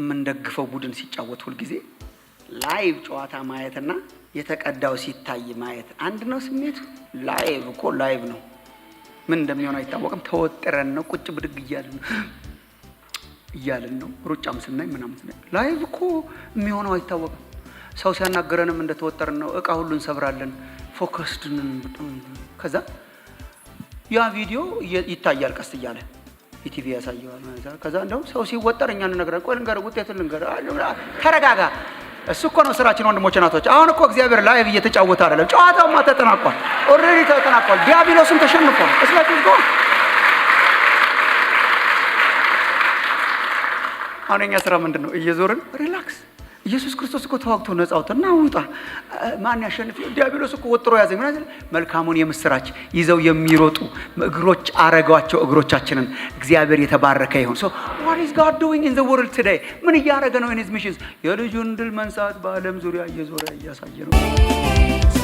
የምንደግፈው ቡድን ሲጫወት ሁልጊዜ ላይቭ ጨዋታ ማየትና የተቀዳው ሲታይ ማየት አንድ ነው ስሜቱ። ላይቭ እኮ ላይቭ ነው። ምን እንደሚሆን አይታወቅም። ተወጥረን ነው ቁጭ ብድግ ነው እያልን ነው። ሩጫም ስናይ ምናምን ስናይ ላይቭ እኮ የሚሆነው አይታወቅም። ሰው ሲያናገረንም እንደተወጠርን ነው። እቃ ሁሉ እንሰብራለን። ፎከስድንን ከዛ ያ ቪዲዮ ይታያል ቀስ እያለ ኢቲቪ ያሳየዋል ማለት ነው። ከዛ እንደውም ሰው ሲወጠር እኛን እንነግራለን። ቆይ ልንገርህ፣ ውጤቱን ልንገርህ። ተረጋጋ። እሱ እኮ ነው ስራችን ወንድሞች ናቶች። አሁን እኮ እግዚአብሔር ላይቭ እየተጫወተ አይደለም። ጨዋታውማ ተጠናቋል፣ ኦልሬዲ ተጠናቋል። ዲያብሎስም ተሸንፏል። እስላችሁ ዝጎ አሁን እኛ ስራ ምንድን ነው? እየዞርን ሪላክስ ኢየሱስ ክርስቶስ እኮ ተዋግቶ ነፃ አውጣና ውጣ ማን ያሸንፍ? ዲያብሎስ እኮ ወጥሮ ያዘ። ምን አይደል? መልካሙን የምስራች ይዘው የሚሮጡ እግሮች አረጓቸው እግሮቻችንን። እግዚአብሔር የተባረከ ይሁን። ሶ ዋት ኢዝ ጋድ ዱዊንግ ኢን ዘ ወርልድ ቱዴይ? ምን እያደረገ ነው? ኢን ሂዝ ሚሽንስ የልጁን ድል መንሳት በዓለም ዙሪያ እየዞረ እያሳየ ነው።